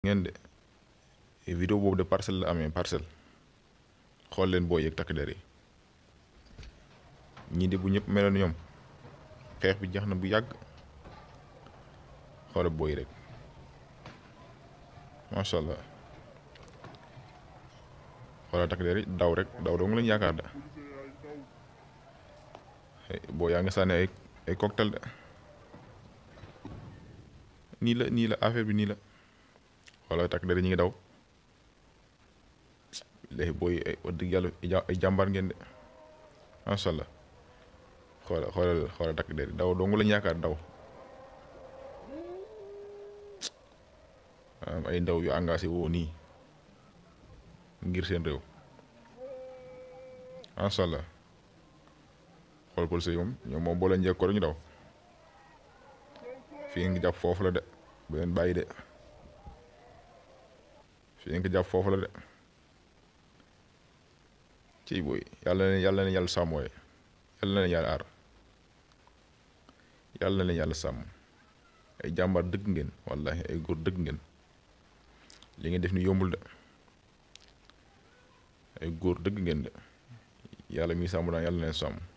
ngeen de eh, vidéo boobu de parcelle la amee parcelle xool leen booy yëg takk yi ñii de bu ñëpp meloon ñoom xeex bi jeex na bu yàgg xoola booy rek macha allah xoola takk yi daw rek daw dong lañ yaakaar da eh, boo yaa ngi sànni ay cocktail da nii la nii la affaire bi nii la wala takk der ñu ngi daw léegi booy ay jàmbaar ngeen de macha allah xoola xoolal xoola takk der daw dong lañ yaakaar daw am ay ndaw yu engagé woo nii ngir seen réew macha allah xool policier yi moom ñoom moom boo leen njëkkoon daw fii ngi jàpp la de bu leen bàyyi de. fi ngeen ko jàpp foofu la de ciy booy yàlla na yàlla yàlla sàmm waaye yàlla na yàlla aar yàlla na yàlla sàmm ay jàmbaar dëgg ngeen wallahi ay góor dëgg ngeen li ngeen def ni yombul de ay góor dëgg ngeen de yàlla mi sàmm daan yàlla na sàmm